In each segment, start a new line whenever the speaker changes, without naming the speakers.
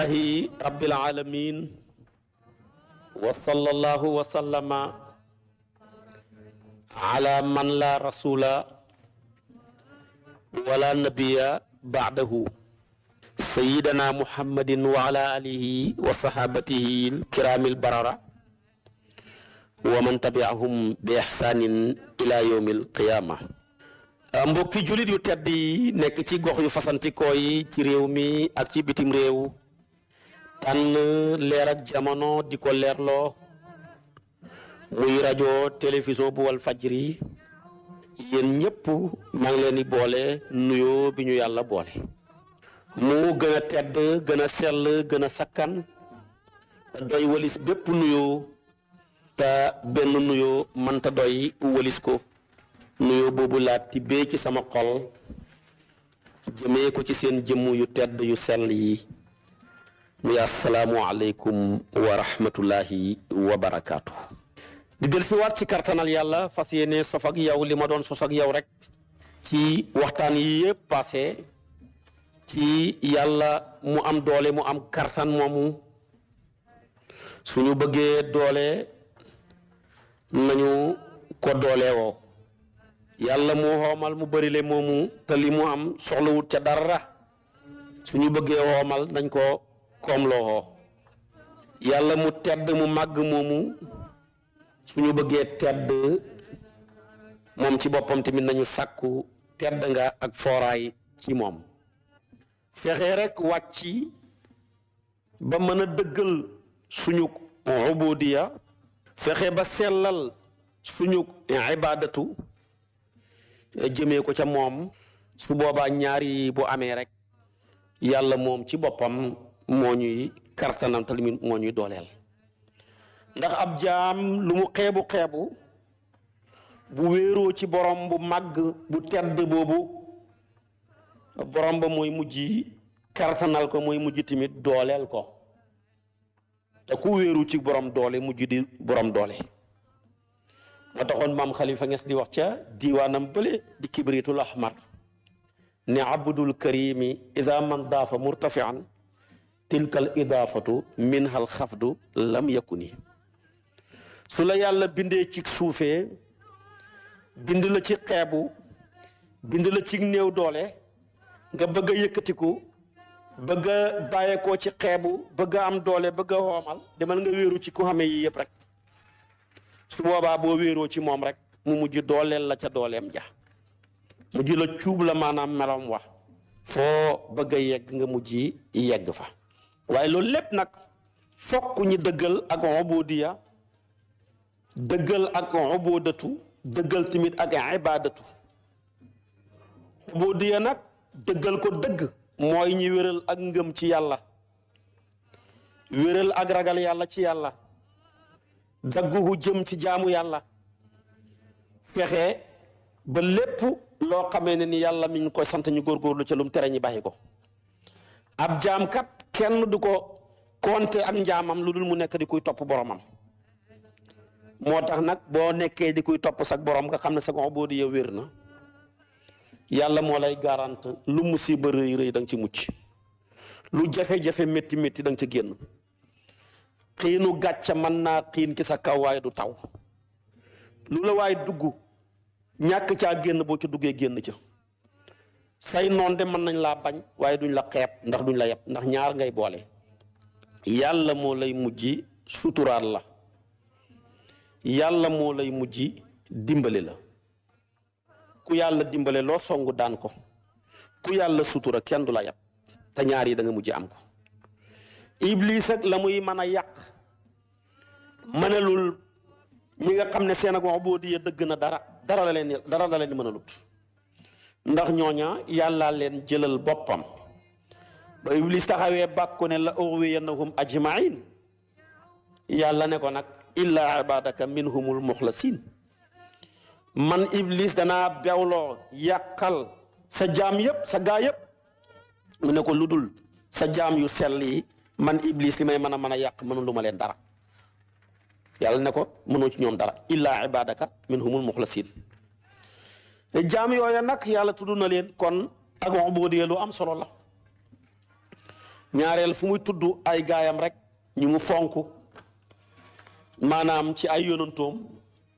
laahi rabbil alamin wa sallallahu nabiya baadahu sayidana muhammadin wa ala alihi wa sahabatihi alkiramil barara wa ila yawmil qiyama mbokki julit yu tedd yi ci gox yu fasantikoo ci réew ak ci bitim réew tànn leer ak jamono di ko leerloo muy rajo télévision bu wal fajri yéen ñëpp maa ngi leen di boole nuyoo bi ñu yàlla boole. mu gën a tedd gën a sell gën a sakkan doy walis bépp nuyoo te benn nuyoo mënta doy walis ko nuyoo boobu laa tibbee ci sama xol jëmee ko ci seen jëmm yu tedd yu sell yi. muy asalaamualeykum wa rahmatullahi wa barakaatu. di del si waat ci kartanal yàlla fas yéene sof ak yow li ma doon sos ak yow rek ci waxtaan yi yëpp passé ci yàlla mu am doole mu am kartan moomu suñu bëggee doole nañu ko doolewoo yàlla mu xoomal mu bëri le moomu te mu am soxlawut ca dara suñu bëggee xoomal nañ ko koom loo yàlla mu tedd mu màgg moomu suñu bëggee tedd moom ci boppam tamit nañu sàkku tedd nga ak fooraay ci moom fexe rek wàcc ba mën a dëggal suñu ubudiya fexe ba sellal suñu ibadatu jëmee ko ca moom su boobaa ñaari bu amee rekk yàlla moom ci boppam moo ñuy kartanam te limit moo ñuy dooleel ndax ab jaam lu mu xeebu xeebu bu wéeroo ci borom bu màgg bu tedd boobu borom ba mooy mujj kartanal ko muy mujj tamit dooleel ko te ku wéeru ci borom doole mujj di borom doole moo taxoon maam Khalifa Niass di wax ca diiwaanam bële di kibritul ahmar ne abdul karimi ida man daafa murtafian tilkal idaafatu min hal xafdu lam yakuni su la yàlla bindee ci suufee bind la ci xeebu bind la ci néew doole nga bëgg yëkkatiku bëgg a bàyyeekoo ci xeebu bëgg am doole bëgg xoomal demal nga wéeru ci ku xamee yëpp rek su boobaa boo wéeroo ci moom rek mu mujj dooleel la ca dooleem ja mujj la cuub la maanaam meloom wax foo bëgg a yegg nga mujj yegg fa waaye loolu lépp nag fokk ñu dëggal ak ubudiya dëggal ak ubudatu dëggal tamit ak ibadatu ubudiya nag dëggal ko dëgg mooy ñi wéral ak ngëm ci yàlla wéral ak ragal yàlla ci yàlla dagguhu jëm ci jaamu yàlla fexe ba lépp loo xamee ne ni yàlla mi ngi koy sant ñu góorgóorlu ca lu mu tere ñi bàyyi ko ab jaamkat kenn du ko compter ak njamam lu dul mu nekk di kuy topp boromam moo tax nag boo nekkee di kuy topp sag borom nga xam ne sa gox boo di yow wér na yàlla moo lay garante lu musiba rëy rëy da nga ci mucc lu jafe-jafe métti métti da ci génn xiinu gàcce mën naa xiin ci sa kaw waaye du taw lu la waaye dugg ñàkk ca génn boo ci duggee génn ca. say noon de mën nañ laa bañ waaye duñ la xeeb ndax duñ la yeb ndax ñaar ngay boole yàlla moo lay mujj suturaal la yàlla moo lay mujj dimbale la ku yàlla dimbale loo songu daan ko ku yàlla sutura kenn du la yeb te ñaar yi da nga mujj am ko iblis ak la muy mën a yàq mënalul ñi nga xam ne seen ak wax boo diyee dëgg na dara dara la leen dara la leen mën a lut ndax ñooña yàllaa leen jëlal boppam ba iblis taxawee bàkku ne la urwiyannahum ajmain yàlla ne ko nag illa ibadaka minhumul muxlasin man iblis danaa bewloo yàqal sa jaam yëpp sa gaa yëpp mu ne ko ludul sa jaam yu sell yi man iblis li may mën a mën a yàq mënu lu ma leen dara yàlla ne ko mënoo ci ñoom dara illa ibadaka minhumul muxlasin jaam yooya nag yàlla tudd na leen kon ak ubudiya lu am solo la ñaareel fu muy tudd ay gaayam rek ñu mu fonk maanaam ci ay yonantoom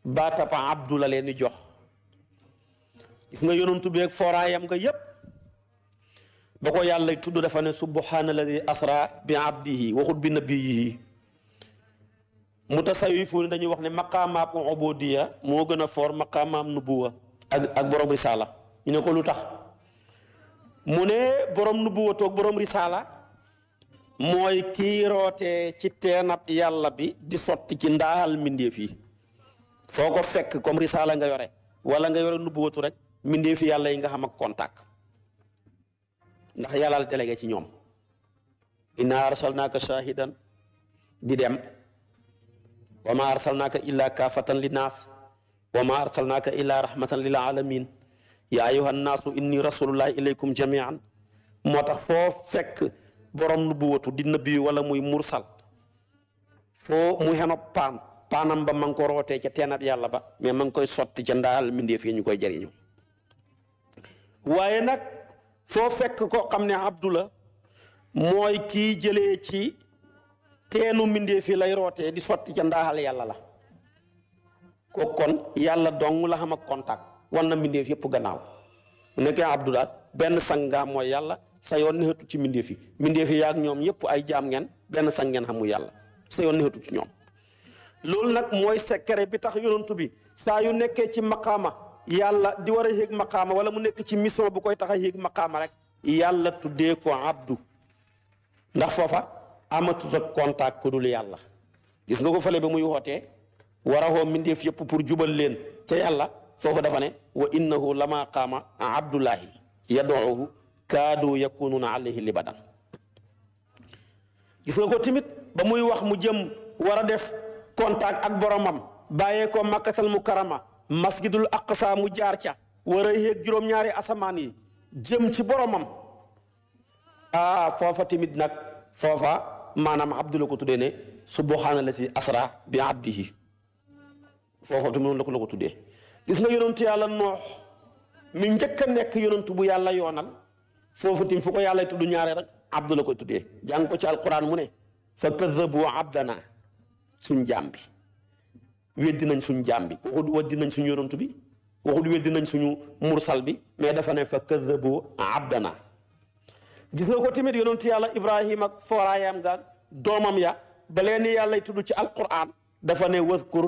baatapa abdu la leen di jox gis nga yonantu beeg fooraayam nga yépp ba ko yàlla tudd dafa ne subhaana alladi asra bi abdihi waxut bi nabiyihi mutasawifu dañuy wax ne maqaamaam ubudiya moo gën a foor maqaamaam nubuwa ak ak borom risaala ñu ne ko lu tax mu ne borom nubuwatu ak borom risaala mooy kii rootee ci teenab yàlla bi di sotti ci ndaal mbindeef soo ko fekk comme risaala nga yore wala nga yore nubuwatu rek mbindeef yàlla yi nga xam ak contact ndax yàlla la délégué ci ñoom inna arsalnaaka shahidan di dem wa ma arsalnaaka illa kaafatan linnaas wa ma arsalnaaka illaa rahmatan lil alamin yaa ayyuhan inni rasulullahi ilaykum jamian moo tax foo fekk borom nubuwatu di nabi wala muy mursal foo mu xeno paan paanam ba ma ngi ko rootee ca teenab yàlla ba mais ma ngi koy sotti ca ndaal mbindeef ñu koy jariñu waaye nag foo fekk koo xam ne abdu la mooy kii jëlee ci teenu mbindeef yi lay rootee di sotti ca ndaaxal yàlla la kooku kon yàlla dong la xam ak contact war na mbindeef yëpp gannaaw bu nekkee abdu daal benn sang nga mooy yàlla sa yoon neexatu ci mbindeef yi mbindeef yi ñoom yëpp ay jaam ngeen benn sang ngeen xamu yàlla sa yoon neexatu ci ñoom loolu nag mooy secret bi tax yonantu bi saa yu nekkee ci maqaama yàlla di war a yéeg maqaama wala mu nekk ci mission bu koy tax a yéeg maqaama rek yàlla tuddee ko abdu ndax foofa amatut ak contact ku dul yàlla gis nga ko fële ba warahoo mindeef yëpp pour jubal leen ca yàlla foofu dafa ne wa innahu lama qaama abdullahi yad'uhu kaadu yakununa alayhi libadan gis nga ko tamit ba muy wax mu jëm war a def contact ak boromam bàyyee ko makkatal mukarama masjidul aqsa mu jaar ca war a yéeg juróom-ñaari asamaan yi jëm ci boromam ah foofa tamit nag foofa maanaam abdu la ko tuddee ne subhaana la si asra bi abdihi foofa tamit noonu la ko tudde ko tuddee gis nga yonentu yàlla noox mi njëkk a nekk yonentu bu yàlla yoonal foofu tamit fu ko yàlla tudd ñaare rek abdu la koy tuddee jàng ko ci alquran mu ne fa kazzabu abdana suñ jaam bi nañ suñ jaam bi waxut weddi nañ suñ yonentu bi waxut nañ suñu mursal bi mais dafa ne fa kazzabu abdana gis nga ko tamit yonentu yàlla ibrahim ak fooraayam ga doomam ya ba leen yàlla tudd ci alquran dafa ne waskur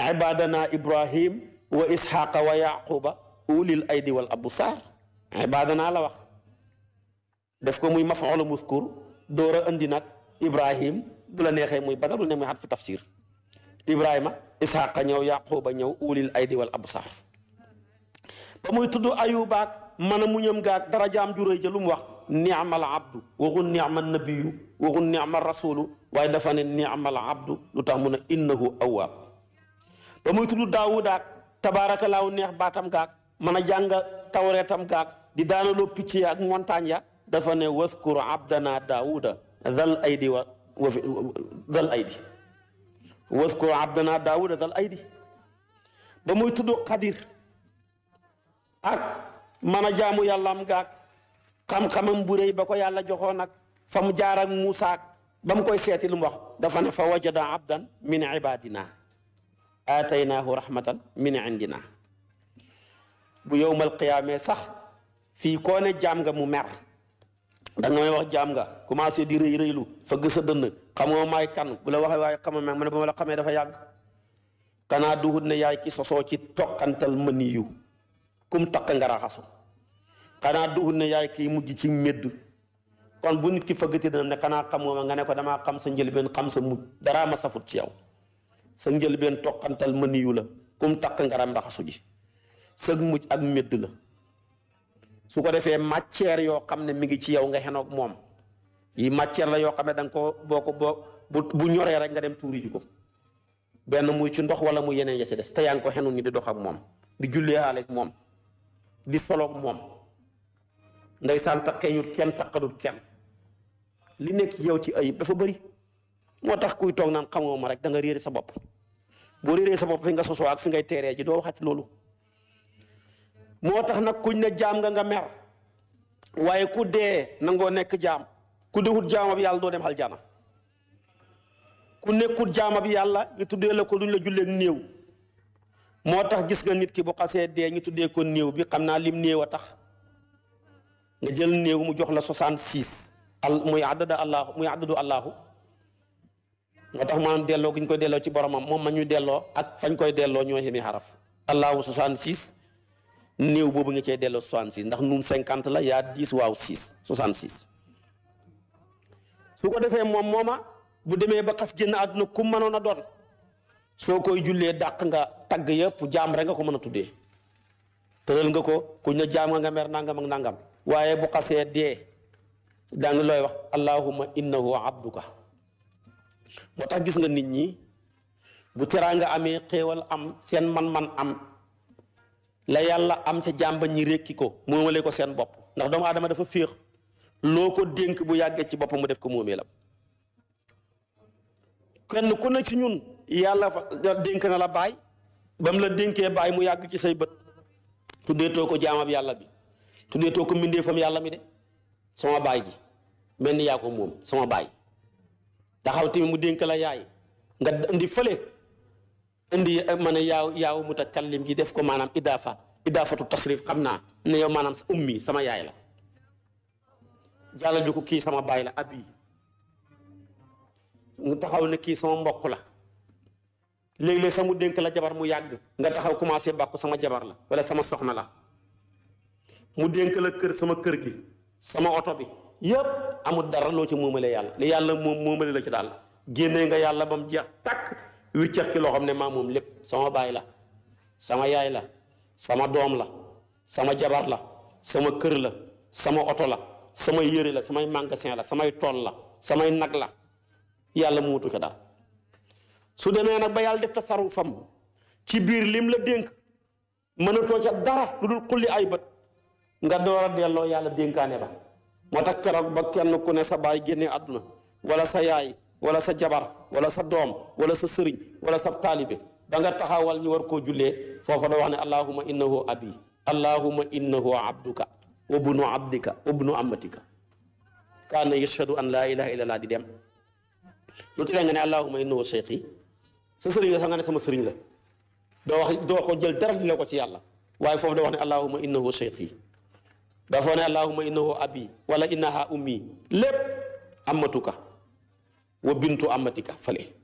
ibadana ibrahim wa isxaqa wa yaquba ulil aydi wal absar ibadana la wax def ko muy mafaulu muskur door a andi nag ibrahim bu la neexee muy badalul ne muy xat fi tafsir ibrahima isxaqa ñëw yaquba ñëw ulil aydi wal absar ba muy tudd ayubaak mën a muñam gaak darajaam juróy ja lu mu wax niamal abdu waxul niamal nabiyu waxul niamal rasulu waaye dafa ne niamal abdu lu tax mun a innahu awaab ba muy tudd daawuda ak tabaaraka neex baatam gaag mën a jàng tawreetam gaag di daanaloo picc ya ak montagne ya dafa ne waskur abdana daawuda zal aydi wa wa ba muy tudd xadir ak mën a jaamu yàllaam gaag xam bu réy ba ko yàlla joxoon ak fa mu jaar ak muusaak koy seeti lu dafa ne fa wajada abdan min ibadina aataynaahu rahmatan min indina bu yowmal qiyaamee sax fii koo ne jaam nga mu mer da may wax jaam nga commencé di rëy rëylu fëgg sa dënn xamoo maay kan bu la waxee waaye xamam ma ne ba ma la xamee dafa yàgg kanaa duhut ne yaay ki sosoo ci toqantal mëniyu kum takk nga raxasu xanaa duhut ne yaay kiy mujj ci médd kon bu nit ki fëggati na ne kanaa xamoo ma nga ne ko damaa xam sa njëlbeen xam sa mujj daraa ma safut ci yow sa njëlbeen toqantal ma niyu la kum takk ngaram raxasu ji sëg mujj ak médd la su ko defee matière yoo xam ne mi ngi ci yow nga xenoog moom yi matière la yoo xam ne da ko boo ko boo bu ñoree rek nga dem tuuri ji ko benn muy ci ndox wala mu yeneen ya ci des te yaa ngi ko xenu ni di dox ak moom di jullee aleeg moom di soloog moom ndeysaan takkeeñut kenn takkalut kenn li nekk yow ci ayib dafa bëri moo tax kuy toog naan xam nga ma rek da nga réere sa bopp boo réeree sa bopp fi nga sosoo ak fi ngay teeree ji doo waxaat loolu moo tax nag kuñ ne jaam nga nga mer waaye ku dee nangoo nekk jaam ku dewut jaama yàlla doo dem aljana ku nekkut jaama bi yàlla ñu tuddee la ko duñ la jullee néew moo tax gis nga nit ki bu xasee dee ñu tuddee ko néew bi xam naa lim néew a tax nga jël néew mu jox la soixante-six al muy àddada allahu muy àddadu allahu moo tax maanaam delloo gi ñu koy delloo ci boromam moom ma ñu delloo ak fañ koy delloo ñoo xemi xaraf allahu 66 néew boobu nga cee delloo 66 ndax nun 50 la yaa 10 waaw 6 66 su ko defee moom mooma bu demee ba xas génn àdduna ku mënoon a doon soo koy jullee dàq nga tagg yëpp jaam rek nga ko mën a tuddee tëral nga ko kuñ na jaam nga nga mer nangam ak nangam waaye bu xasee dee daa looy wax allahumma innahu abduka moo tax gis nga nit ñi bu teraanga amee xéewal am seen man-man am la yàlla am ca jàmba ñi rékki ko moomale ko seen bopp ndax doomu adama dafa féex loo ko dénk bu yàggee ci boppam mu def ko moomeelam kenn ku ne ci ñun yàlla dénk na la baay ba mu la dénkee baay mu yàgg ci say bët tuddeetoo ko jaamab yàlla bi tuddeetoo ko mbindeefam yàlla mi de sama baay ji mel ni yaa ko moom sama baay taxaw ti mu dénk la yaay nga indi fële indi man a yaaw yaaw kallim gi def ko maanaam idaafa idaafatu tasrif xam naa ne yow maanaam sa ummi sama yaay la jàllal ju ko kii sama baay la abi nga taxaw ne kii sama mbokk la léeg-léeg sax mu dénk la jabar mu yàgg nga taxaw commencé bàkku sama jabar la wala sama soxna la mu dénk la kër sama kër gi sama oto bi yëpp amul dara loo ci moomalee yàlla li yàlla moom moomale la ci daal génnee nga yàlla ba mu jeex takk wiccax ci loo xam ne maa moom lépp sama baay la sama yaay la sama doom la sama jabar la sama kër la sama oto la sama yére la samay magasin la samay tool la samay nag la yàlla mu wutu ca daal su demee nag ba yàlla def saru fam ci biir lim la dénk mënatoo ca dara lu dul xulli ay bët nga door a delloo yàlla dénkaane ba moo tax keroog ba kenn ku ne sa baay génne àdduna wala sa yaay wala sa jabar wala sa doom wala sa sëriñ wala sa taalibe ba nga taxawal ñu war koo jullee foofa da wax ne allahuma innahu abi allahuma innahu abduka wa bnu abdika wa bnu amatika kaana yashhadu an laa ilaha illallah di dem lu tee nga ne allahuma innahu cheikhi sa sëriñ la sax nga ne ma sëriñ la doo wax doo ko jël dara di la ko ci yàlla waaye foofu da wax ne allahuma innahu cheikhi dafoo ne allahuma innahu abi wala innaha ummi lépp amatuka wa bintu amatika fale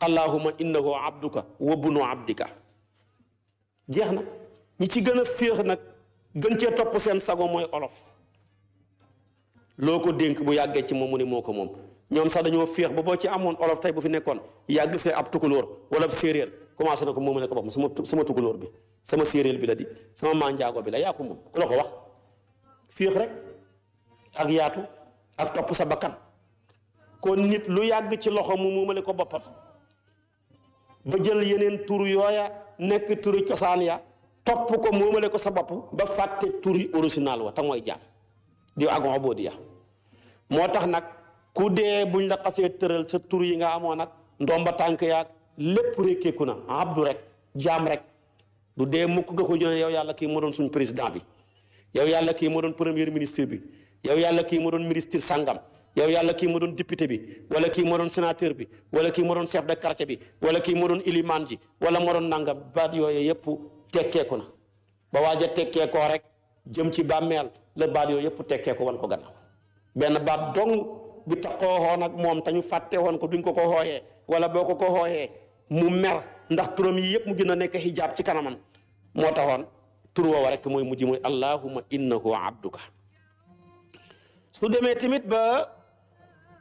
allahuma innahu abduka wa bunu abdika jeex na ñi ci gën a féex nag gën cee topp seen sago mooy olof loo ko dénk bu yàggee ci moom mu moo ko moom ñoom sax dañoo féex ba boo ci amoon olof tey bu fi nekkoon yàgg fee ab tukulóor wala séeréer commencé na ko moom ne ko boppam sama sama tukulóor bi sama séeréer bi la di sama manjaago bi la yaa moom ku la féex rek ak yaatu ak topp sa bakkan kon nit lu yàgg ci loxo mu muumale ko boppam ba jël yeneen tur yooya nekk turi cosaan ya topp ko moomale ko sa bopp ba fàtte turi original wa te mooy jaam di ak ubudiya moo tax nag ku dee buñ la xasee tëral sa tur yi nga amoon nag ndomba tànk yaag lépp rekkeeku na abdu rek jaam rek du dee mukk nga ko jëlee yow yàlla kii moo doon suñ président bi yow yàlla kii moo doon premier ministre bi yow yàlla kii moo doon ministre sàngam yow yàlla kii moo doon député bi wala kii moo doon sénateur bi wala kii moo doon chef de quartier bi wala kii moo doon ilimaan ji wala moo doon nangam baat yooyu yëppu tekkeeku na ba waaj a tekkeekoo rek jëm ci bàmmeel la baat yooyu yëpp tekkeeku wan ko gannaaw benn baat dong bi taxoo woon ak moom tañu ñu fàtte woon ko duñ ko ko xooyee wala boo ko ko xooyee mu mer ndax turam yëpp mu gën a nekk hijab ci kanamam moo taxoon tur woowa rek mooy mujj mooy allahuma innahu abduka su demee tamit ba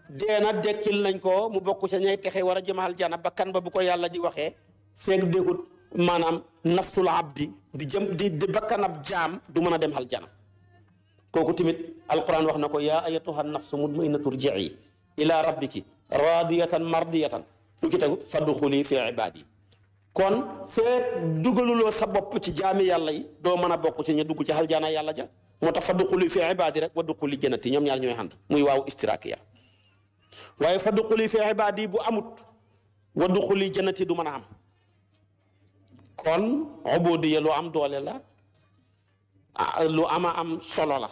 deena dekkil nañ ko mu bokk ca ñay texe war a jëmaal jana bakkan ba bu ko yàlla di waxee fek dégut maanaam nafsul abdi di jëm di di jaam du mën a dem al jana kooku tamit alquran wax na ko ya ayatuha nafsu mutmainatu rji'i ila rabbiki radiyatan mardiyatan lu ci tegu fadduxuli fi ibaadi kon fee dugaluloo sa bopp ci jaami yàlla yi doo mën a bokk ci ña dugg ci aljaana yàlla ja moo tax fa duquli fi ibaadi rek wa duquli jannati ñoom ñaar ñooy xand muy waaw istirakiya waaye fa duquli fi ibaadi bu amut wa duquli jannati du mën a am kon ubudiya lu am doole la lu ama am solo la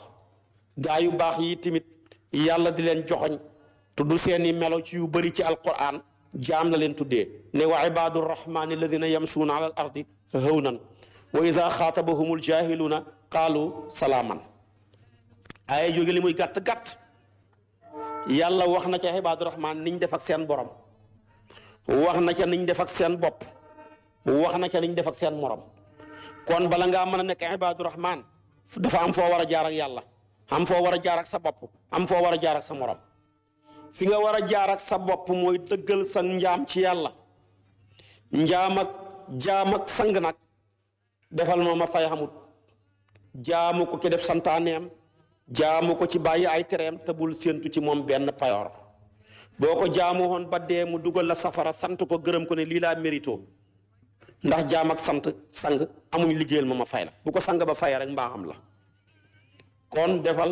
gaa yu baax yi tamit yàlla di leen joxoñ tudd seeni melow ci yu bari ci alquran jaam la leen tuddee ne wa ibaadu rahmaani alladina yamsuuna ala al ardi hawnan wa ida xaatabahum al jaahiluuna qaalu salaaman aaya jóge li muy gàtt-gàtt yàlla wax na ca ibaadu rahmaan niñ def ak seen borom wax na ca niñ def ak seen bopp wax na ca niñ def ak seen morom kon bala ngaa mën a nekk ibaadu rahmaan dafa am foo war a jaar yàlla am foo war a jaar sa bopp am foo war a jaar sa morom fi nga war a jaarak ak sa bopp mooy dëggal sa njaam ci yàlla njaamak ak sang nag defal ma ma fay xamut jaamu ko ki def santaaneem jaamu ko ci bàyyi ay tereem te bul séentu ci moom benn payoor boo ko jaamu woon ba dee mu dugal la safara sant ko gërëm ko ne lii laa mérito ndax jaam ak sant sang amuñ liggéeyal ma ma fay la bu ko sang ba fayee rek mbaa la kon defal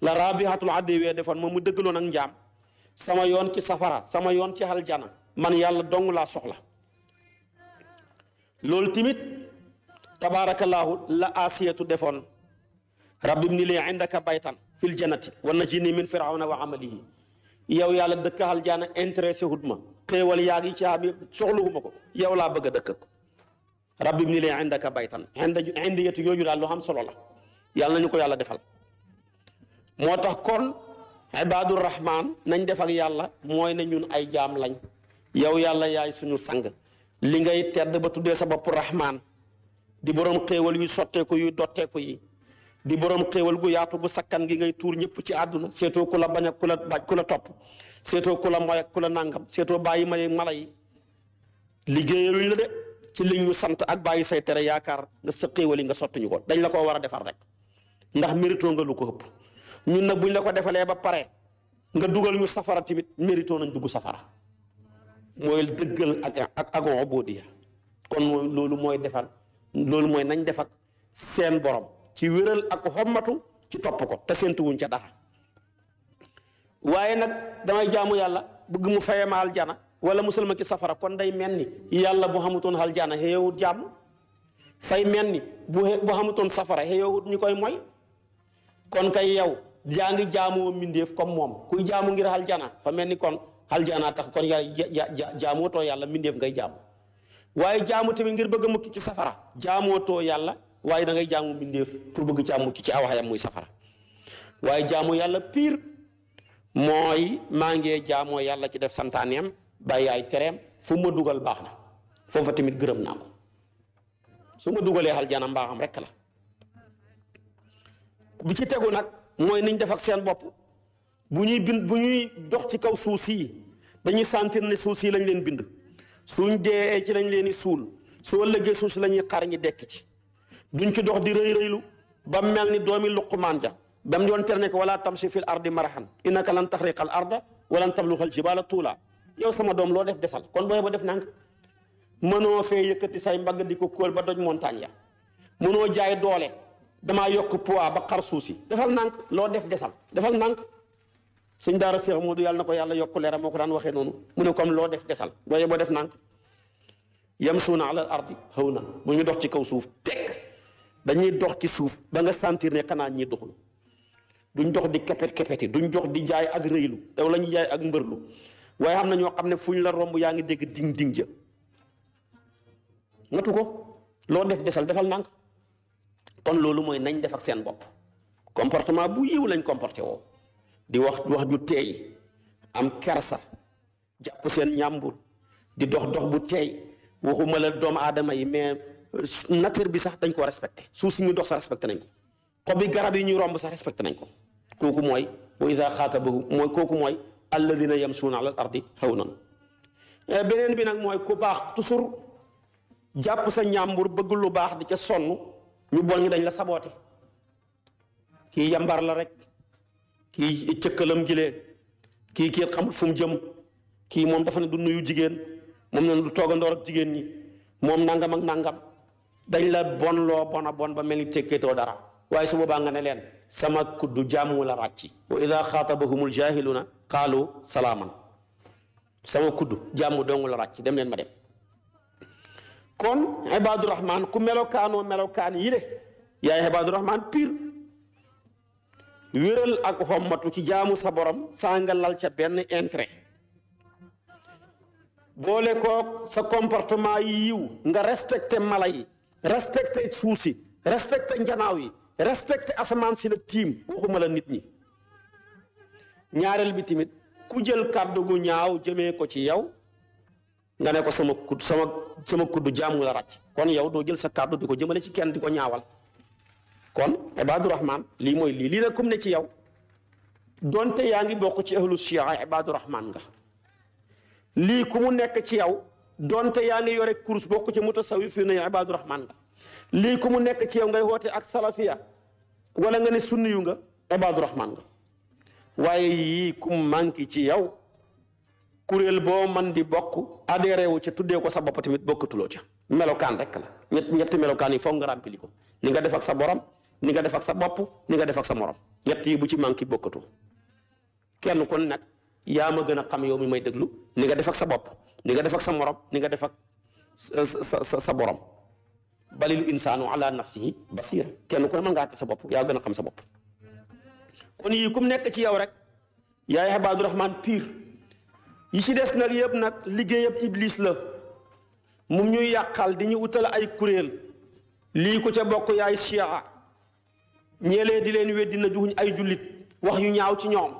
la rabihatul adawee defoon moom mu dëggaloon ak njaam sama yoon ci safara sama yoon ci aljana man yàlla dong laa soxla loolu tamit tabaarakallaahu la asiyatu defoon rabbi ibni li indaka baytan fil jannati wa najini min firawna wa amalihi yow yàlla dëkk aljana intéressé hut ma xéewal yaa ngi ci am yëpp soxluwuma ko yow laa bëgg a dëkk ko rabbi ibni li indaka baytan inda indiyatu yooyu daal loo xam solo la yàlla nañu ko yàlla defal moo tax kon ibaadu rahmaan nañ def yàlla mooy ne ñun ay jaam lañ yow yàlla yaay suñu sang li ngay tedd ba tuddee sa bopp rahmaan di borom xéewal yu sotteeku yu dotteeku yi di borom xéewal gu yaatu gu sakkan gi ngay tuur ñëpp ci àdduna seetoo ku la bañ ak ku la baaj ku la topp seetoo ku la moy ak ku la nàngam seetoo bàyyi may mala yi liggéeyaluñ la de ci li sant ak bàyyi say tere yaakaar nga sa xéewal yi nga sottuñu ko dañ la koo war a defar rek ndax mérito nga lu ko ëpp ñun nag buñ la ko defalee ba pare nga dugal ñu safara tamit mérito nañ dugg safara mooy dëggal ak ak ak ubudiya kon loolu mooy defal loolu mooy nañ def seen borom ci wéral ak xommatu ci topp ko te séentuwuñ ca dara waaye nag damay jaamu yàlla bëgg mu faye ma aljana wala musulma ki safara kon day mel ni yàlla bu xamutoon aljana xëyewut jàmm fay mel ni bu bu xamutoon safara xëyewut ñu koy moy kon kay yow yaa ngi jaamoo mbindeef comme moom kuy jaamu ngir aljana fa mel ni kon aljana tax kon yaa jaamoo too yàlla mbindeef ngay jaamu waaye jaamu tamit ngir bëgg a mucc ci safara jaamoo yàlla waaye da ngay jaamu mbindeef pour bëgg ci am ci awaxayam muy safara waaye jaamu yàlla piir mooy maa nge jaamoo yàlla ci def santaaneem bàyyi ay tereem fu ma dugal baax na foofa tamit gërëm naa ko su ma dugalee aljana mbaaxam rekk la mooy niñ def ak seen bopp bu ñuy bind bu ñuy dox ci kaw suuf si dañuy sentir ne suuf si lañ leen bind suñ dee ci lañ leen di suul su ëllëgee suuf si la ñuy xar ñi dekk ci duñ ci dox di rëy rëylu ba mel ni doomi luqumaan ja bam doon ter ne ko wala tamshi fil ardi marahan innaka lan taxriqa al arda walan tabluga al jibala tuula yow sama doom loo def desal kon booy ba def nang mënoo fee yëkkati say mbagg di ko kool ba doj montagne ya mënoo jaay doole damaa yokk poids ba xar suuf si defal nànk loo def desal defal nànk sëñ daara Seex Moodu yàlla na ko yàlla yokk leeram moo ko daan waxee noonu mu ne comme loo def desal booye boo def nànk yamsuuna alal ardi hawnan mu ñu dox ci kaw suuf tekk dañuy dox ci suuf ba nga sentir ne xanaa ñi doxul duñ dox di kepet kepeti duñ dox di jaay ak rëylu daw la ak mbërlu waaye xam na ñoo xam ne fu ñu la romb yaa ngi dégg ding ding ja matu def desal defal nànk kon loolu mooy nañ def seen bopp comportement bu yiw lañ comporté woo di wax wax ju teey am kersa jàpp seen ñàmbur di dox dox bu teey waxuma la doomu aadama yi mais euh, nature bi sax dañ ko respecté suuf si ñu dox sa respecté nañ ko xobi garab yi ñuy romb sax respecté nañ ko kooku mooy wa xaata xaatabahum mooy kooku mooy alladina yamsuuna ala al ardi hawnan euh, beneen bi nag mooy ku baax toujours jàpp sa ñàmbur bëgg lu baax di ca sonn ñu bon ñi dañ la saboote kii yambar la rek kii cëkkalam gilee kii kii xamul fu mu jëm kii moom dafa ne du nuyu jigéen moom ne du toogandoor ak jigéen ñi moom nangam ak nangam dañ la bon loo bon a bon ba mel ni tekkeetoo dara waaye su boobaa nga ne leen sama kuddu jaamu la ràcci wa ida xaatabahumul jaahiluuna qaalu salaaman sama kuddu jaamu dong la ràcc dem leen ma dem kon ibaadu rahmaan ku melokaanoo melokaan yi de yaay ibaadu rahmaan pire ak xommatu ci jaamu sa borom saa nga lal ca benn intérêt boole koog sa comportement yi yiw nga respecté mala yi respecte suuf si respecté njanaaw yi respecté asamaan si la tiim waxuma nit ñi ñaareel bi tamit ku jël kàddu gu ñaaw jëmee ko ci yow nga ne ko sama kudd sama sama kudd jaamu la ràcc kon yow doo jël sa kàddu di ko jëmale ci kenn di ko ñaawal kon ibaadu rahman lii mooy lii lii na kum ne ci yow donte yaa ngi bokk ci ahlu shia ibaadu nga lii ku mu nekk ci yow donte yaa ngi yore course bokk ci mutasawwifiina ya ibaadu rahman nga lii ku mu nekk ci yow ngay woote ak salafiya walla nga ne sunniyu nga ibaadu rahman nga waaye yii kum manqué ci yow kuréel boo man di bokk adhéré wu ci tuddee ko sa bopp tamit bokkatuloo ca melokaan rek la ñett ñetti melokaan yi foog nga rempli ko li nga def sa borom ni nga def sa bopp ni nga def sa morom ñett yi bu ci manqué bokkatu kenn kon nag yaa ma gën a xam yow mi may déglu ni nga def sa bopp ni nga def sa morom ni nga def sa sa sa borom balil insaanu ala nafsihi basira kenn ku ne mën nga àtte sa bopp yaa gën a xam sa bopp kon yii kum nekk ci yow rek yaay ibaadu rahmaan pire yi ci des nag yëpp nag liggéeyab iblis la mu ñuy yàqal di ñu utal ay kuréel lii ko ca bokk yaay chia ñeelee di leen weddi na juxuñ ay jullit wax yu ñaaw ci ñoom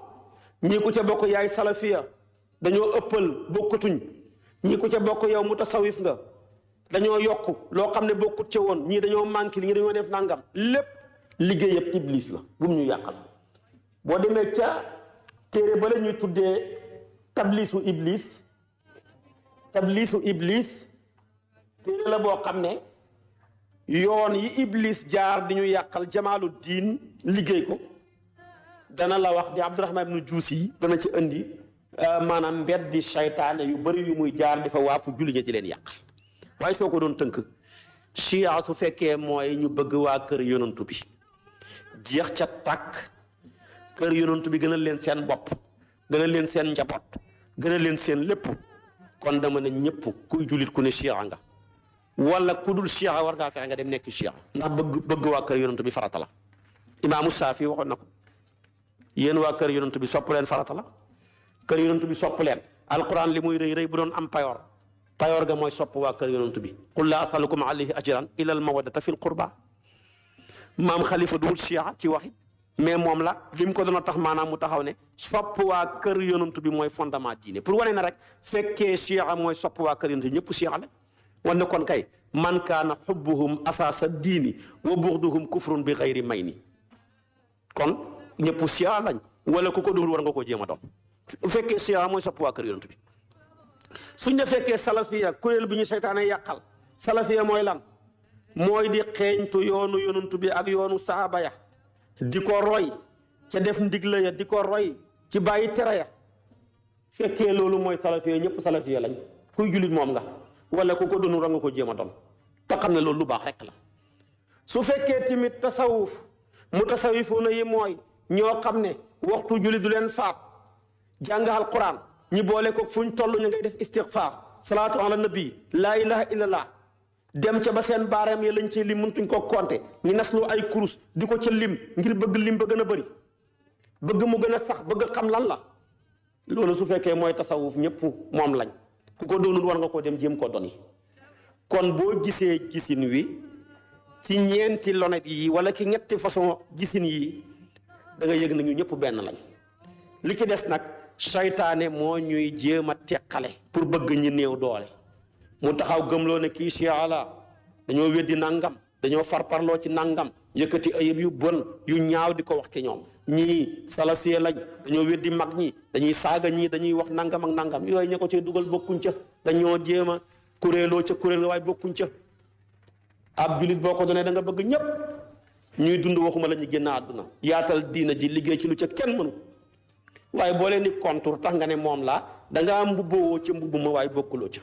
ñii ku ca bokk yaay salafiya dañoo ëppal bokkatuñ ñii ku ca bokk yow mu tasawif nga dañoo yokk loo xam ne bokkut ca woon ñii dañoo manqué ñii dañoo def nangam lépp liggéey yëpp iblis la bu mu ñu yàqal boo demee ca téere ba la tuddee tablisu iblis tablisu iblis téere la boo xam ne yoon yi iblis jaar di ñu yàqal jamaalu diin liggéey ko dana la wax di abdurahman ibnu juus yi dana ci indi euh, maanaam mbeddi seytaane yu bari yu muy jaar di fa waafu julli ñi leen yàq waaye soo ko doon tënk chia su fekkee mooy ñu bëgg waa kër yonantu bi jeex ca tàkk kër yonantu bi gënal leen seen bopp gën leen seen njaboot gën leen seen lépp kon dama ne ñëpp ku jullit ku ne chia nga wala ku dul chia war ngaa fexe nga dem nekk chia ndax bëgg bëgg waa kër yonent bi farata la imaamu saafi waxoon na ko yen waa kër yonent bi sopp leen farata la kër yonent bi sopp leen alquran li muy rëy rëy bu doon am payoor payoor ga mooy sopp waa kër yonent bi qul laa asalukum alayhi ajran ila al mawaddata fi l qurba maam xalifa duwul chia ci waxit mais moom la li mu ko doon tax maanaam mu taxaw ne sopp waa kër yonantu bi mooy fondement diine pour wane na rek fekkee chia mooy sopp waa kër yonantu bi ñëpp chia la wan kon kay man kaana xubbuhum asaasa diini wa buxduhum kufrun bi xayri may ni kon ñëpp chia lañ wala ku ko dugal war nga koo jéem a doon bu fekkee chia mooy sopp waa kër yonantu bi suñ ne fekkee salafiya kuréel bi ñu seytaane yàqal salafiya mooy lan mooy di xeeñtu yoonu yonantu bi ak yoonu saaba ya di ko roy ca def ndigla ya di ko roy ci bàyyi tere ya fekkee loolu mooy salafiya ñëpp salafiya lañ kuy jullit moom nga wala ko ko doonul nga ko jéem a doon te xam ne loolu lu baax rek la su fekkee tamit tasawuf mu na yi mooy ñoo xam ne waxtu julli du leen faat jàngaxal alquran ñi boole ko fuñ toll ñu ngay def istighfar salaatu ala nabi laa ilaha illallah dem ca ba seen baareem ya lañ cee lim koo ko compter ñu nasloo ay kurus di ko ca lim ngir bëgg lim ba gën a bëri bëgg mu gën a sax bëgg xam lan la loolu su fekkee mooy tasawuf ñëpp moom lañ ku ko doonul war nga koo dem jéem ko doni kon boo gisee gisin wi ci ñeenti lonet yi wala ci ñetti façon gisin yi da yëg nañu ñëpp benn lañ li ci des nag seytaane moo ñuy jéem a teqale pour bëgg ñi néew doole mu taxaw gëmloo ne kii chia la dañoo weddi nangam dañoo farparloo ci nangam yëkkati ayib yu bon yu ñaaw di ko wax ci ñoom ñii salafie lañ dañoo weddi mag ñi dañuy saaga ñii dañuy wax nangam ak nangam yooyu ña ko cay dugal bokkuñ ca dañoo jéem a kuréeloo ca kuréel ga waaye bokkuñ ca ab julit boo ko doonee da nga bëgg ñëpp ñuy dund waxuma la ñu génn àdduna yaatal diina ji liggéey ci lu ca kenn mënu waaye boo leen di contour tax nga ne moom laa da ngaa mbubboo ca mbubb ma waaye bokkuloo ca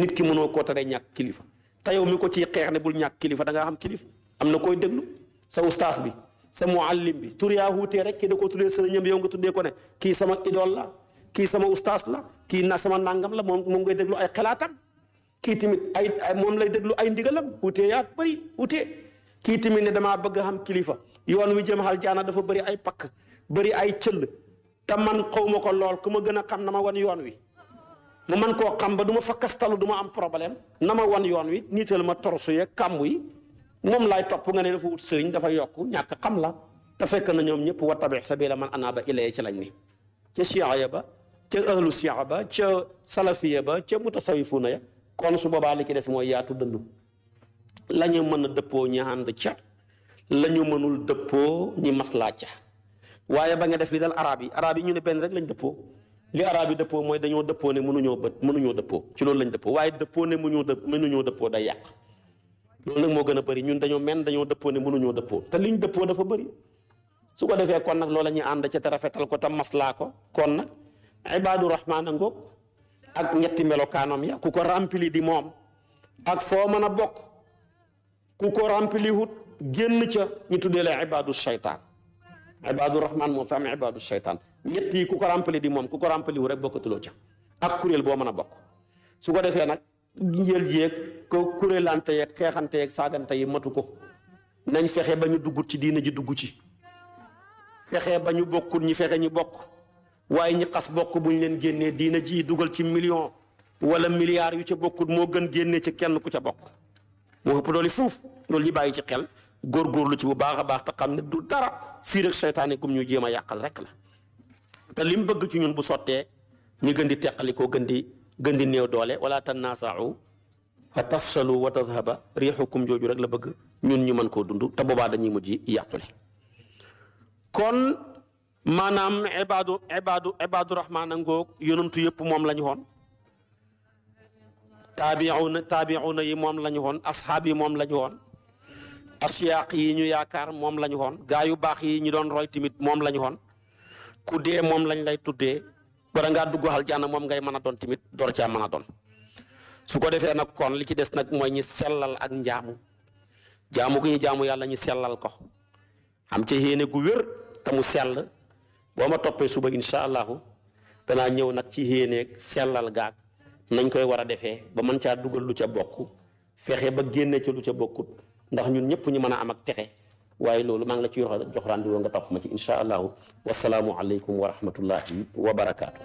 nit ki mënoo koo tere ñàkk kilifa te yow mi ko ci xeex ne bul ñàkk kilifa da ngaa xam kilifa am na koy déglu sa ustaas bi sa muallim bi tur yaa wuutee rek kii da koo tuddee sëriñam yow nga tuddee ko ne kii sama idole la kii sama ustaas la kii na sama nangam la moom moom ngay déglu ay xalaatam kii tamit ay moom lay déglu ay ndigalam wuutee yaa bëri wuutee kii tamit ne damaa bëgg xam kilifa yoon wi jëm xal jaana dafa bëri ay pakk bari ay cëll te man xaw ko lool ku ma gën a xam na ma wan yoon wi mu mën koo xam ba du ma fa kastalu du ma am problème na ma wan yoon wi niital ma torsu yeeg kàmb yi moom laay topp nga ne dafa wut sëriñ dafa yokk ñàkk xam la te fekk na ñoom ñëpp wa tabi sabila man anaaba ilayya ci lañ ni ca chia ya ba ca ahlu chia ba ca salafiya ba ca mutasawifuuna ya kon su boobaa li ci des mooy yaatu dëndu la mën a dëppoo ñi ca la ñu mënul dëppoo ñi maslaa ca waaye ba nga def li dal arab yi arab yi ñu ne benn rek lañ dëppoo li arab yi dëppoo mooy dañoo dëppoo ne mënuñoo bët mënuñoo dëppoo ci loolu lañ dëppoo waaye dëppoo ne mënuñoo dëpp mënuñoo dëppoo day yàq loolu nag moo gën a bëri ñun dañoo men dañoo dëppoo ne mënuñoo dëppoo te liñ dëppoo dafa bëri su ko defee kon nag loola ñuy ànd ca te rafetal ko tam maslaa ko kon nag ibaadu raxmaan a ngóog ak ñetti melokaanam ya ku ko rempli di moom ak foo mën a bokk ku ko rempli wut génn ca ñu tuddee la ibaadu seytaan ibaadu rahman moo fi am ibaadu shaytaan ñett yi ku ko rempli di moom ku ko rempli wu rek bokkatuloo ca ak kuréel boo mën a bokk su ko defee nag njël yéeg ko kuréelante yeeg xeexante yeeg saagante yi matu ko nañ fexe ba ñu dugg ci diina ji dugg ci fexe ba ñu bokkul ñi fexe ñu bokk waaye ñi xas bokk bu ñu leen génnee diina ji dugal ci million wala milliards yu ca bokkut moo gën génnee ca kenn ku ca bokk moo ëpp doole fuuf loolu ñu bàyyi ci xel góor góorgóorlu ci bu baax a baax te ne du dara fii rek seytaane gum ñu jéem a yàqal rek la te lim bëgg ci ñun bu sottee ñu gën di teqali ko gën di gën di néew doole wala tanaasaau fa tafsalu wa tadhaba riixukum jooju rek la bëgg ñun ñu mën koo dund te boobaa ji mujj yàqule kon maanaam ibaadu ibaadu ibaadu rahmaan a ngoog yonantu yëpp moom la ñu woon taabiuuna taabiuuna yi moom la ñu woon asxaab yi moom lañu ñu woon asiyaaq yi ñu yaakaar moom lañu xoon gaa yu baax yi ñu doon roy tamit moom lañu xoon ku dee moom lañ lay tuddee bara ngaa dugg aljana moom ngay mën a doon tamit door caa mën doon su ko defee nag kon li ci des nag mooy ñi sellal ak njaamu jaamu gi ñu jaamu yàlla ñu sellal ko am ca yéene gu wér te sell boo ma toppee suba incha allahu danaa ñëw nag ci yéeneeg sellal gaag nañ koy war a defee ba mën caa dugal lu ca bokk fexe ba génne ca lu ca bokkut ndax ñun ñëpp ñu mën a am texe waaye loolu maa la ci jox jox rendez-vous nga topp ma ci incha allahu wasalaamu aleykum wa rahmatullahi wa barakaatu.